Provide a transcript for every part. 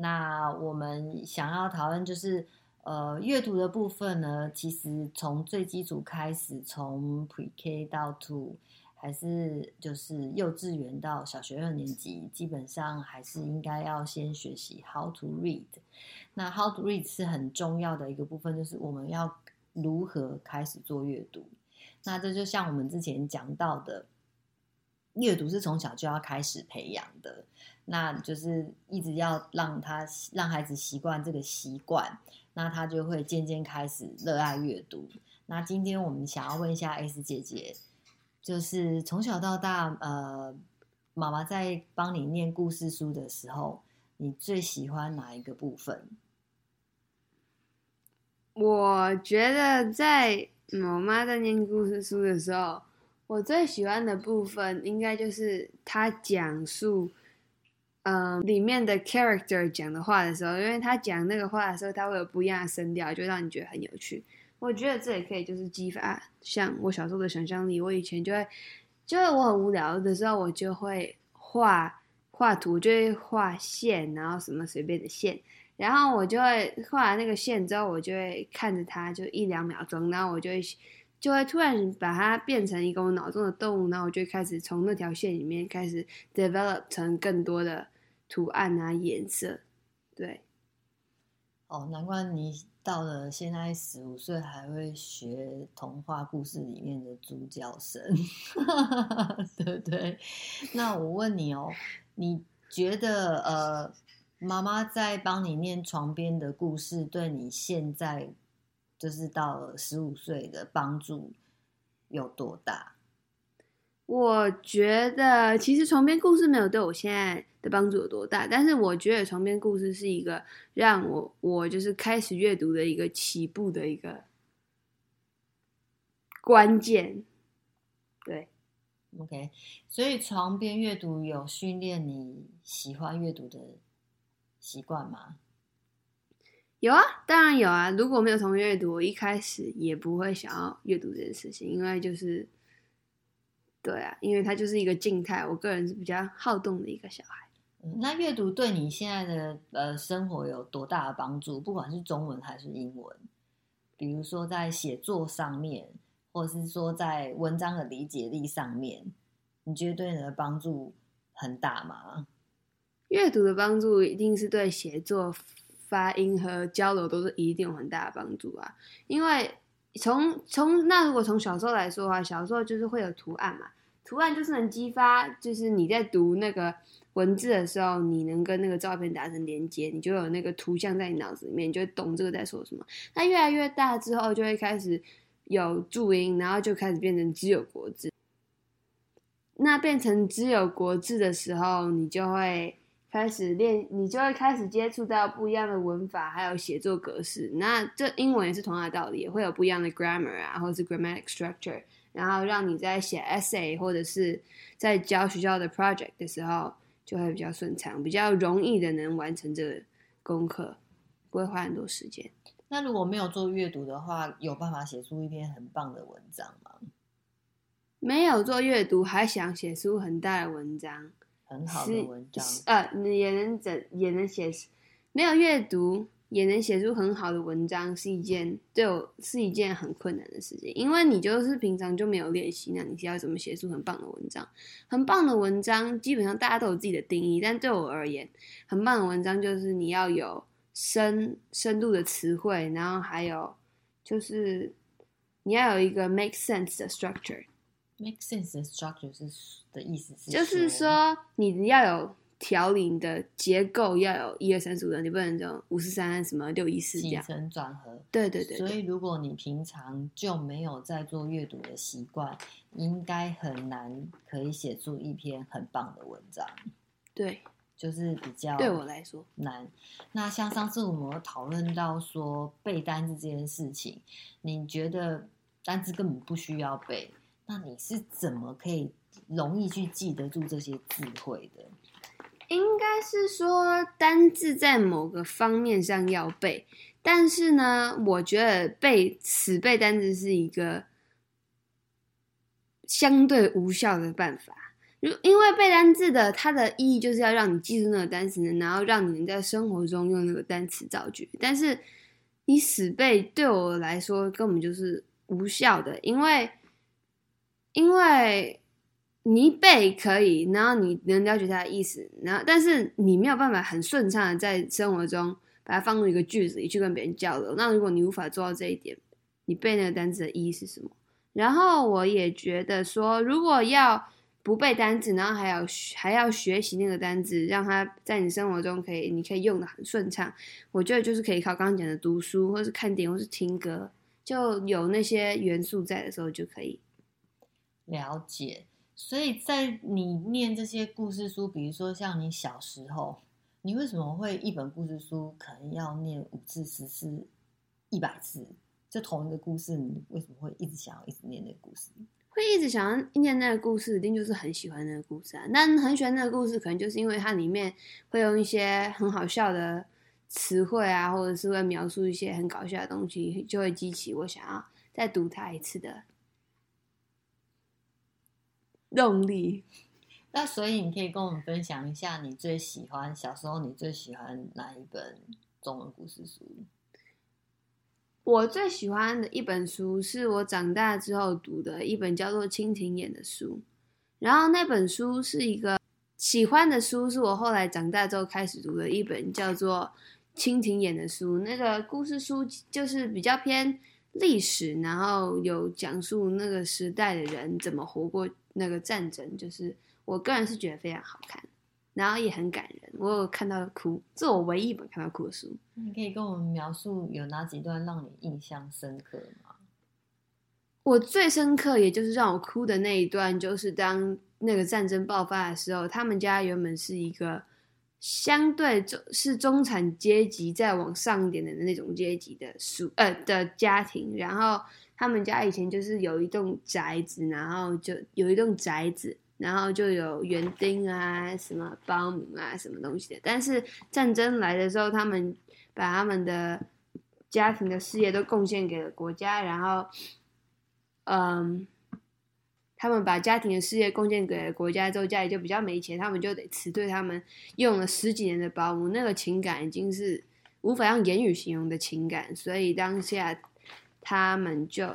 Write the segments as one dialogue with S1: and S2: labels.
S1: 那我們想要討論就是，呃，閱讀的部分呢，其實從最基礎開始，從 Pre-K 到 Two，還是就是幼稚園到小學二年級，基本上還是應該要先學習 How to read。那 How to read 是很重要的一個部分，就是我們要如何開始做閱讀。那這就像我們之前講到的。閱讀是從小就要開始培養的，那就是一直要讓他讓孩子習慣這個習慣，那他就會漸漸開始熱愛閱讀。那今天我們想要問一下 S 姐姐，就是從小到大，呃，媽媽在幫你念故事書的時候，你最喜歡哪一個部分？
S2: 我覺得在我媽在念故事書的時候。我最喜歡的部分應該就是他講述，嗯，裡面的 character 講的話的時候，因為他講那個話的時候，他會有不一樣的聲調，就讓你覺得很有趣。我覺得這也可以就是激發像我小時候的想象力我以前就會，就是我很無聊的時候，我就會畫畫圖，就會畫線，然後什麼隨便的線，然後我就會畫那個線之後，我就會看着他就一兩秒鐘，然後我就會。就會突然把它變成一個我腦中的動物，然後我就開始從那條線裡面開始 develop 成更多的圖案啊、顏色，對。
S1: 哦，難怪你到了現在十五歲還會學童話故事裡面的豬叫聲 對對。那我問你哦，你覺得呃，媽媽在幫你念床邊的故事，對你現在？就是到十五歲的幫助有多大？
S2: 我覺得其實床邊故事沒有對我現在的幫助有多大，但是我覺得床邊故事是一個讓我我就是開始閱讀的一個起步的一個關鍵。對，OK，
S1: 所以床邊閱讀有訓練你喜歡閱讀的習慣嗎？
S2: 有啊，當然有啊。如果沒有從閱讀，我一開始也不會想要閱讀這件事情，因為就是，對啊，因為它就是一個靜態。我個人是比較好動的一個小孩。嗯，那閱讀對你現
S1: 在的呃生活有多大的幫助？不管是中文還是英文，比如說在寫作上面，或是說在文章的理解力上面，你覺得對你的幫助很大嗎？
S2: 閱讀的幫助一定是對寫作。發音和交流，都是一定有很大的幫助啊！因為從從那如果從小時候來說的話，小時候就是會有圖案嘛，圖案就是能激發，就是你在讀那個文字的時候，你能跟那個照片達成連接，你就有那個圖像在你腦子裡面，你就會懂這個在說什麼。那越來越大之後，就會開始有注音，然後就開始變成只有國字。那變成只有國字的時候，你就會。開始練，你就會開始接觸到不一樣的文法，還有寫作格式。那這英文也是同樣的道理，也會有不一樣的 grammar 啊，或是 grammatic structure，然後讓你在寫 essay 或者是在交學校的 project 的時候，就會比較順暢，比較容易的能完成這個功課，不會花很多時間。
S1: 那如果沒有做閱讀的話，有辦法寫出一篇很棒的文章嗎？
S2: 沒有做閱讀，還想寫出很大的文章。很好的文章，呃，你也能整，也能寫，沒有閱讀也能寫出很好的文章，是一件對我是一件很困難的事情。因為你就是平常就沒有練習，那你就要怎麼寫出很棒的文章？很棒的文章，基本上大家都有自己的定義，但對我而言，很棒的文章就是你要有深深度的詞彙，然後還有就是你要有一個 make sense 的 structure。
S1: make sense 的 structure 是的意思是，就是
S2: 說你要有條理的結構，要有一二三四五的，你不能講五十三什麼六一四起承轉合？對對對。所以
S1: 如果你平常就沒有在做閱讀的習慣，應該很難可以寫出一篇很棒的文章。對，就是比較對我來說難。那像上次我們有討論到說背單詞這件事情，你覺得單詞根本不需要
S2: 背？那
S1: 你是怎麼可以容易去記得住這些詞彙的？
S2: 應該是說單字在某個方面上要背，但是呢，我覺得背死背單字是一個相對無效的辦法。如因為背單字的它的意義就是要讓你記住那個單詞，然後讓你能在生活中用那個單詞造句。但是你死背對我來說根本就是無效的，因為。因為你背可以，然後你能了解它的意思，然後但是你沒有辦法很順暢的在生活中把它放入一個句子裡去跟別人交流。那如果你無法做到這一點，你背那個單詞的意義是什麼？然後我也覺得說，如果要不背單詞，然後還要還要學習那個單詞，讓它在你生活中可以，你可以用的很順暢，我覺得就是可以靠剛剛講的讀書，或是看點，或是聽歌，就有那些元素在的時候就可以。
S1: 了解，所以在你念這些故事書，比如說像你小時候，你為什麼會一本故事書可能要念五至十次、一百次，這同一個故事，你為什麼會一直想要一直念那個故事？
S2: 會一直想要念那個故事，一定就是很喜歡那個故事啊！那很喜歡那個故事，可能就是因為它裡面會用一些很好笑的詞彙啊，或者是會描述一些很搞笑的東西，就會激起我想要再讀它一次的
S1: 動力。那所以你可以跟我們分享一下，你最喜歡小時候，你最喜歡哪一本中文故事書？
S2: 我最喜歡的一本書是我長大之後讀的一本叫做《蜻蜓眼》的書。然後那本書是一個喜歡的書，是我後來長大之後開始讀的一本叫做《蜻蜓眼》的書。那個故事書就是比較偏歷史，然後有講述那個時代的人怎麼活過。那個戰爭就是，我個人是覺得非常好看，然後也很感人，我有看到哭，這是我唯一一本看到哭的書。
S1: 你可以跟我們描述有哪幾段讓你印象深刻嗎？
S2: 我最深刻，也就是讓我哭的那一段，就是當那個戰爭爆發的時候，他們家原本是一個。相對中是中產階級再往上一點的那種階級的屬呃的家庭，然後他們家以前就是有一棟宅子，然後就有一棟宅子，然後就有園丁啊、什麼保姆、啊、什麼東西的。但是戰爭來的時候，他們把他們的家庭的事業都貢獻給了國家，然後，嗯。他們把家庭的事業貢獻給國家之後，家裡就比較沒錢，他們就得辭退他們用了十幾年的保姆。那個情感已經是無法用言語形容的情感，所以當下他們就，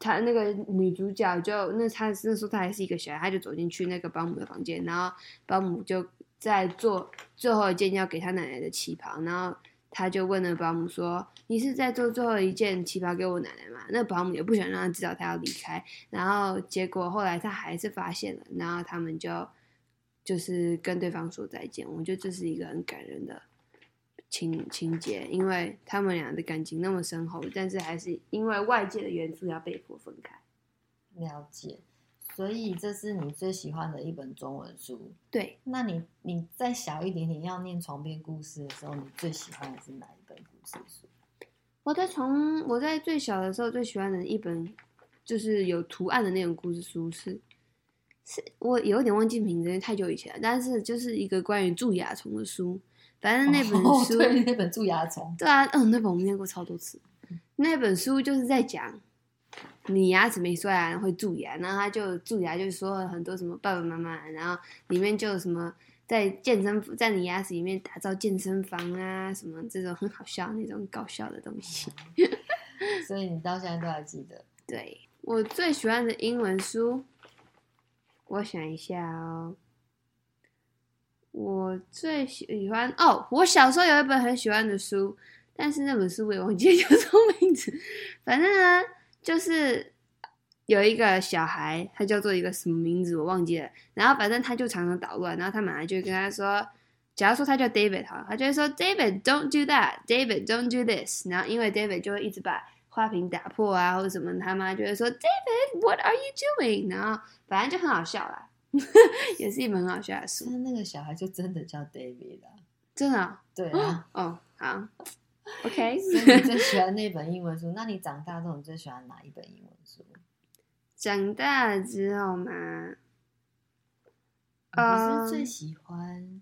S2: 他那個女主角就，那她那時候她還是一個小孩，她就走進去那個保姆的房間，然後保姆就在做最後一件要給她奶奶的旗袍，然後。他就問了保姆說：“你是在做最後一件旗袍給我奶奶嗎？”那保姆也不想讓他知道他要離開，然後結果後來他還是發現了，然後他們就就是跟對方說再見。我覺得這是一個很感人的情情節，因為他們倆的感情那麼深厚，但是還是因為外界的元素要被迫分開。
S1: 了解。所以這是你最喜歡的一本中文書。對，那你你再小一點點要念床邊故事的時候，你最喜歡的是哪一本故事書？
S2: 我在從，我在最小的時候最喜歡的一本就是有圖案的那種故事書是，是是，我有點忘記名字，太久以前了。但是就是一個關於蛀牙蟲的書，反正那本書，哦，那本蛀牙蟲，對啊，嗯，那本我念過超多次。那本書就是在講。你牙齒沒刷啊，會蛀牙，啊，然後他就蛀牙，就說了很多什麼爸爸媽媽，然後裡面就有什麼在健身，在你牙齒裡面打造健身房啊，什麼這種很好笑那種搞笑的東西，嗯。所以你到現在都還記得？ 對，我最喜歡的英文書，我想一下哦，我最喜喜歡哦，我小時候有一本很喜歡的書，但是那本書我忘記叫什麼名字，反正呢。就是有一個小孩，他叫做一個什麼名字我忘記了。然後反正他就常常搗亂，然後他媽媽就跟他說：“假如說他叫 David 哈，他就會說 David，Don't do that，David，Don't do this。”然後因為 David 就會一直把花瓶打破啊，或者什麼，他媽就會說：“David，What are you doing？” 然後反正就很好笑了，也是一本很好笑的書。那個小孩就真的叫 David 了，啊，真的，對啊，哦，哦哦好。OK， 你
S1: 最喜歡那本英文書？那你長大之後，你最喜歡哪一本英文書？長大
S2: 之後嘛，我、嗯、
S1: 是最喜歡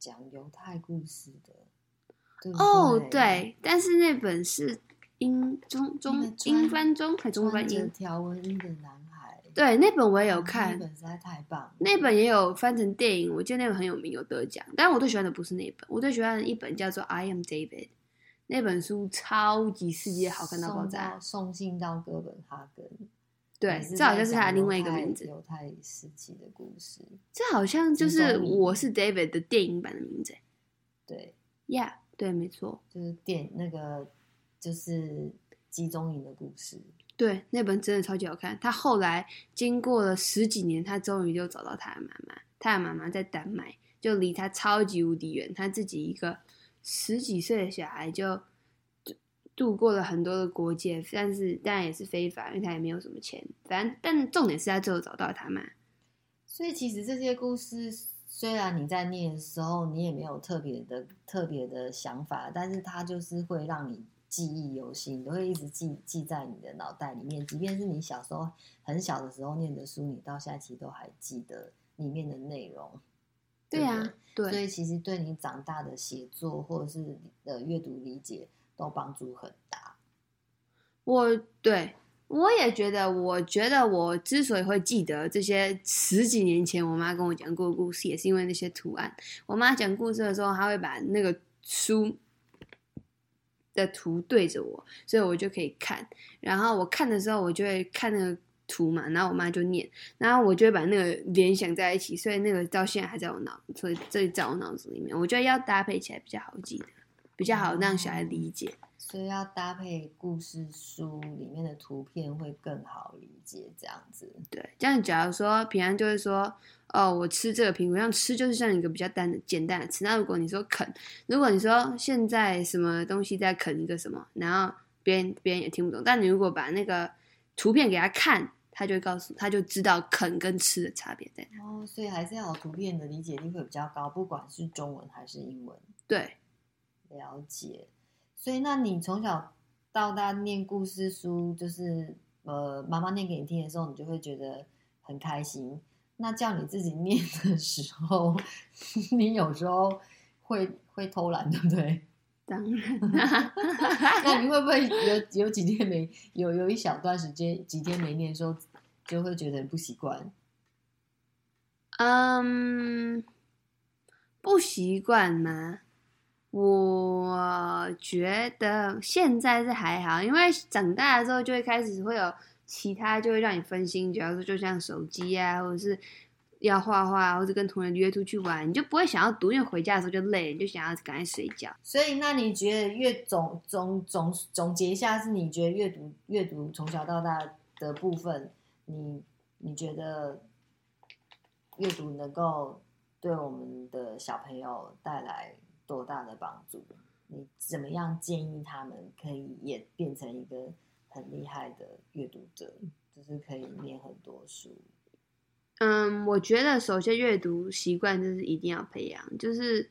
S1: 講猶太故事的、嗯對對。哦，對，但是那
S2: 本是英中，中英翻中，還是中翻英？
S1: 條紋衣的男
S2: 孩。對，那本我也有看，那本
S1: 實在太棒
S2: 了。那本也有翻成電影，我記得那本很有名，有得獎。但我最喜歡的不是那本，我最喜歡的一本叫做《I Am David》。那本書超級世界好看到爆炸。送信到哥本哈根，對，這好像是他另外一個名
S1: 字，猶太世紀的故事。這好像就是我
S2: 是 David 的電影版的名字，
S1: 對呀
S2: ，yeah, 對，沒錯，就是電那個
S1: 就是集中營的故事。
S2: 對，那本真的超級好看。他後來經過了十幾年，他終於就找到他的媽媽，他的媽媽在丹麥，就離他超級無敵遠，他自己一個。十幾歲的小孩就度過了很多的國界，但是但也是非法，因為他也沒有什麼錢。反正，但重點是在最後找到他嘛。
S1: 所以，其實這些故事，雖然你在念的時候，你也沒有特別的、特別的想法，但是它就是會讓你記憶猶新，都會一直記記在你的腦袋裡面。即便是你小時候很小的時候念的書，你到現在其實都還記得裡面的內容。對呀、啊，對，所以其實對你長大的寫作或者是你的閱讀理解都幫助很大。
S2: 我對我也覺得，我覺得我之所以會記得這些十幾年前我媽跟我講過的故事，也是因為那些圖案。我媽講故事的時候，她會把那個書的圖對着我，所以我就可以看。然後我看的時候，我就會看那個。圖嘛，然後我媽就念，然後我就會把那個聯想在一起，所以那個到現在還在我腦，所以這在我腦子裡面，我覺得要搭配起來比較好記得，比較好讓小孩理解，嗯。
S1: 所以要搭配故事書裡面的圖片會更好理解，這樣
S2: 子。對，這樣假如說平常就會說，哦，我吃這個蘋果，像吃就是像一個比較單的簡單的吃。那如果你說啃，如果你說現在什麼東西在啃一個什麼，然後別人別人也聽不懂，但你如果把那個圖片給他看。他就會告訴，他就知道啃跟吃的差別在哪。
S1: 哦、oh，所以還是要有圖片的理解力會比較高，不管是中文還是英文。對，了解。
S2: 所以，那你
S1: 從小到大念故事書，就是呃，媽媽念給你聽的時候，你就會覺得很開心。那叫你自己念的時候， 你有時候會會偷懶，對不對？當然啦、啊， 那你會不會有有幾天沒有有一小段時間幾天沒念的時候，就
S2: 會覺得不習慣？嗯、um,，不習慣嗎？我覺得現在是還好，因為長大了之後就會開始會有其他就會讓你分心，主要是就像手機啊，或者是。要畫畫，或者跟同學約出去玩，你就不會想要讀。因為回家的時候就累，你就想要趕快睡覺。所以，那你覺得越總總
S1: 總總結一下，是你覺得閱讀閱讀從小到大的部分，你你覺得閱讀能夠對我們的小朋友帶來多大的幫助？你怎麼樣建議他們可以也變成一個很厲害的閱讀者，就是可以念很多書？
S2: 嗯，我覺得首先閱讀習慣就是一定要培養，就是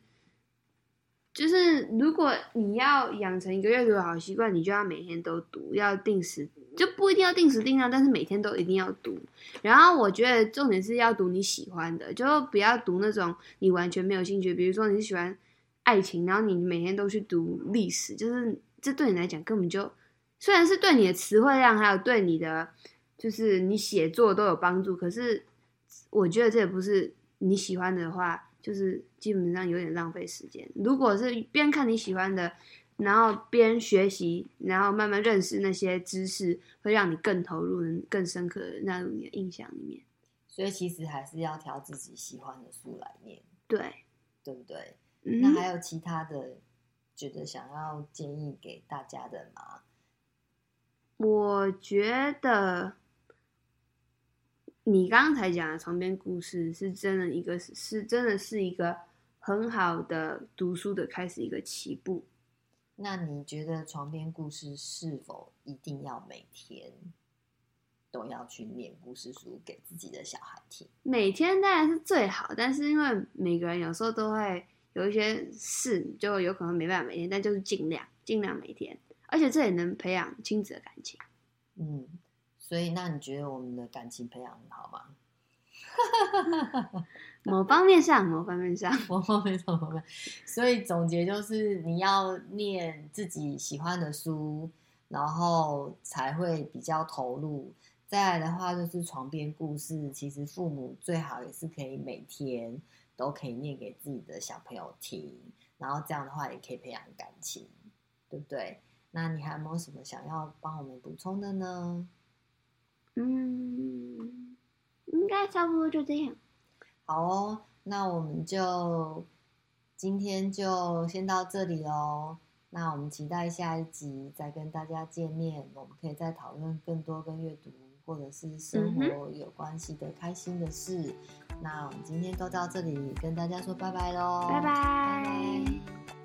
S2: 就是如果你要養成一個閱讀的好習慣，你就要每天都讀，要定時就不一定要定時定量，但是每天都一定要讀。然後我覺得重點是要讀你喜歡的，就不要讀那種你完全沒有興趣。比如說你喜歡愛情，然後你每天都去讀歷史，就是這對你來講根本就，雖然是對你的詞彙量還有對你的就是你寫作都有幫助，可是。我覺得這也不是你喜歡的話，就是基本上有點浪費時間。如果是邊看你喜歡的，然後邊學習，然後慢慢認識那些知識，會讓你更投入，更深刻的納入你的印象裡面。
S1: 所以其實還是要挑自己喜歡的書來念，對，對不對？嗯，那還有其他的覺得想要建議給大家的嗎？
S2: 我覺得。你剛才講的床邊故事是真的一個，是真的是一個很好的讀書的開始一個起步。
S1: 那你覺得床邊故事是否一定要每天都要去念故事書給自己的小孩聽？
S2: 每天當然是最好，但是因為每個人有時候都會有一些事，就有可能沒辦法每天，但就是盡量盡量每天，而且這也能培養親子的感情。嗯。
S1: 所以，那你覺得我們的感情培養好嗎？
S2: 某方面上，某方面上，某
S1: 方面上，某方面上。所以總結就是，你要念自己喜歡的書，然後才會比較投入。再來的話，就是床邊故事。其實父母最好也是可以每天都可以念給自己的小朋友聽，然後這樣的話也可以培養感情，對不對？那你還有沒有什麼想要幫我們補充的呢？嗯，應該差不多就這樣。好哦，那我們就今天就先到這裡咯。那我們期待下一集再跟大家見面，我們可以再討論更多跟閱讀或者是生活有關係的、嗯、開心的事。那我們今天都到這裡，跟大家說拜拜咯。
S2: 拜拜。Bye bye。Bye bye。